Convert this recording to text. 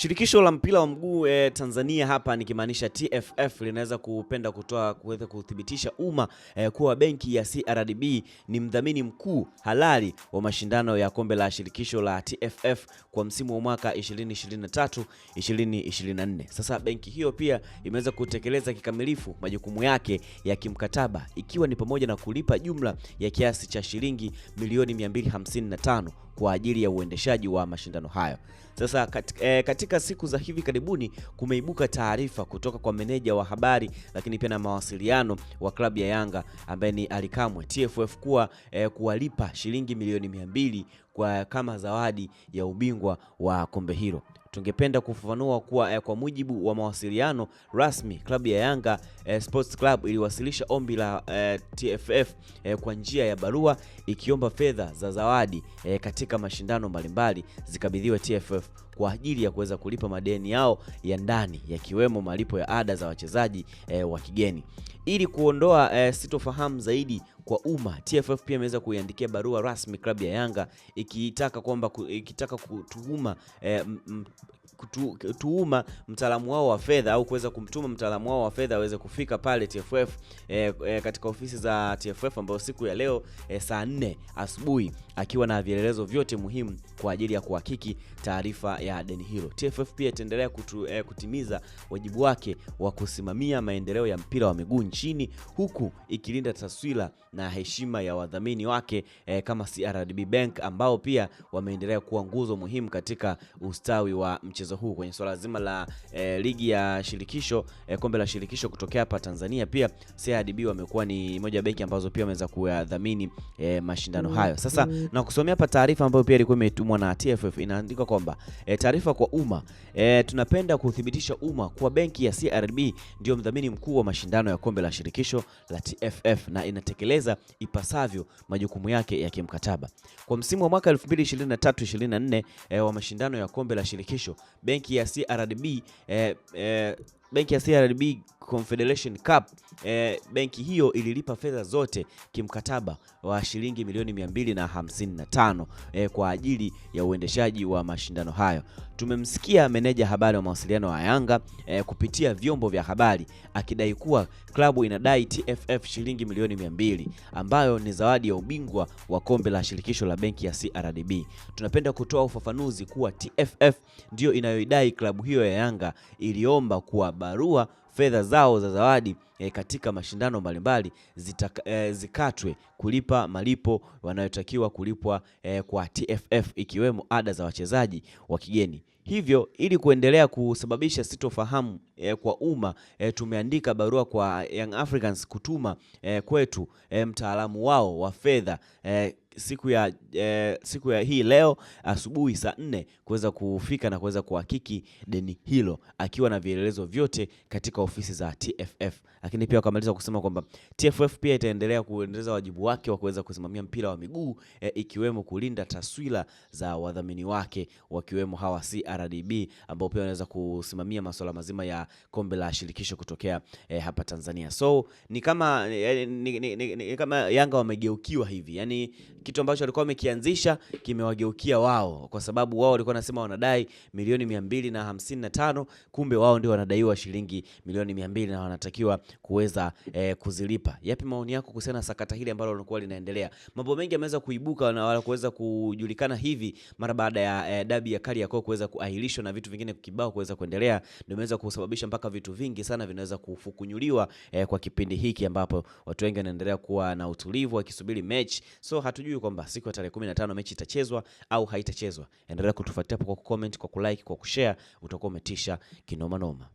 Shirikisho la mpira wa mguu e, Tanzania hapa nikimaanisha TFF linaweza kupenda kutoa kuweza kuthibitisha umma e, kuwa benki ya CRDB ni mdhamini mkuu halali wa mashindano ya kombe la shirikisho la TFF kwa msimu wa mwaka 2023 2024. Sasa benki hiyo pia imeweza kutekeleza kikamilifu majukumu yake ya kimkataba ikiwa ni pamoja na kulipa jumla ya kiasi cha shilingi milioni 255 kwa ajili ya uendeshaji wa mashindano hayo. Sasa katika, eh, katika siku za hivi karibuni kumeibuka taarifa kutoka kwa meneja wa habari lakini pia na mawasiliano wa klabu ya Yanga ambaye ni Alikamwe TFF kuwa eh, kuwalipa shilingi milioni mia mbili kwa kama zawadi ya ubingwa wa kombe hilo. Tungependa kufafanua kuwa eh, kwa mujibu wa mawasiliano rasmi klabu ya Yanga eh, Sports Club iliwasilisha ombi la eh, TFF eh, kwa njia ya barua ikiomba fedha za zawadi eh, katika mashindano mbalimbali zikabidhiwe TFF kwa ajili ya kuweza kulipa madeni yao ya ndani yakiwemo malipo ya ada za wachezaji e, wa kigeni ili kuondoa e, sitofahamu zaidi kwa umma. TFF pia imeweza kuiandikia barua rasmi klabu ya Yanga ikitaka kwamba ikitaka kutuhuma e, kutuma mtaalamu wao wa fedha au kuweza kumtuma mtaalamu wao wa fedha aweze kufika pale TFF e, eh, e, eh, katika ofisi za TFF ambayo siku ya leo e, saa 4 asubuhi akiwa na vielelezo vyote muhimu kwa ajili ya kuhakiki taarifa ya deni hilo. TFF pia itaendelea e, kutimiza wajibu wake wa kusimamia maendeleo ya mpira wa miguu nchini huku ikilinda taswira na heshima ya wadhamini wake e, kama CRDB Bank ambao pia wameendelea kuwa nguzo muhimu katika ustawi wa mchezo mchezo huu kwenye swala zima la e, ligi ya shirikisho e, kombe la shirikisho kutokea hapa Tanzania. Pia CRDB wamekuwa ni moja benki ambazo pia wameweza kuyadhamini e, mashindano mm. hayo. Sasa na kusomea hapa taarifa ambayo pia ilikuwa imetumwa na TFF inaandika kwamba e, taarifa kwa umma e, tunapenda kuthibitisha umma kuwa benki ya CRDB ndio mdhamini mkuu wa mashindano ya kombe la shirikisho la TFF na inatekeleza ipasavyo majukumu yake ya kimkataba kwa msimu wa mwaka 2023 24 e, wa mashindano ya kombe la shirikisho benki ya CRDB eh, eh, benki ya CRDB Confederation Cup eh, benki hiyo ililipa fedha zote kimkataba wa shilingi milioni 255 eh, kwa ajili ya uendeshaji wa mashindano hayo. Tumemsikia meneja habari wa mawasiliano wa Yanga eh, kupitia vyombo vya habari akidai kuwa klabu inadai TFF shilingi milioni 200 ambayo ni zawadi ya ubingwa wa kombe la shirikisho la benki ya CRDB. Tunapenda kutoa ufafanuzi kuwa TFF ndiyo inayoidai klabu hiyo ya Yanga iliomba kuwa barua fedha zao za zawadi e, katika mashindano mbalimbali e, zikatwe kulipa malipo wanayotakiwa kulipwa e, kwa TFF ikiwemo ada za wachezaji wa kigeni. Hivyo ili kuendelea kusababisha sitofahamu e, kwa umma e, tumeandika barua kwa Young Africans kutuma e, kwetu e, mtaalamu wao wa fedha e, siku ya, eh, siku ya hii leo asubuhi saa nne kuweza kufika na kuweza kuhakiki deni hilo akiwa na vielelezo vyote katika ofisi za TFF. Lakini pia wakamaliza kusema kwamba TFF pia itaendelea kuendeleza wajibu wake wa kuweza kusimamia mpira wa miguu eh, ikiwemo kulinda taswira za wadhamini wake wakiwemo hawa CRDB ambao pia wanaweza kusimamia masuala mazima ya kombe la shirikisho kutokea eh, hapa Tanzania. So ni kama, eh, ni, ni, ni, ni, ni kama Yanga wamegeukiwa hivi yani kitu ambacho walikuwa wamekianzisha kimewageukia wao, kwa sababu wao walikuwa wanasema wanadai milioni mia mbili na hamsini na tano kumbe wao ndio wanadaiwa shilingi milioni mia mbili na wanatakiwa kuweza eh, kuzilipa. Yapi maoni yako kuhusiana na sakata hili ambalo linakuwa linaendelea? Mambo mengi yameweza kuibuka na wala kuweza kujulikana hivi mara baada ya eh, dabi ya kali Kariakoo kuweza kuahirishwa na vitu vingine kibao kuweza kuendelea, ndio imeweza kusababisha mpaka vitu vingi sana vinaweza kufukunyuliwa eh, kwa kipindi hiki ambapo watu wengi wanaendelea kuwa na utulivu wakisubiri mechi, so hatu hujui kwamba siku ya tarehe 15 mechi itachezwa au haitachezwa. Endelea kutufuatia kwa kucomment, kwa kulike, kwa kushare, utakuwa umetisha kinoma noma.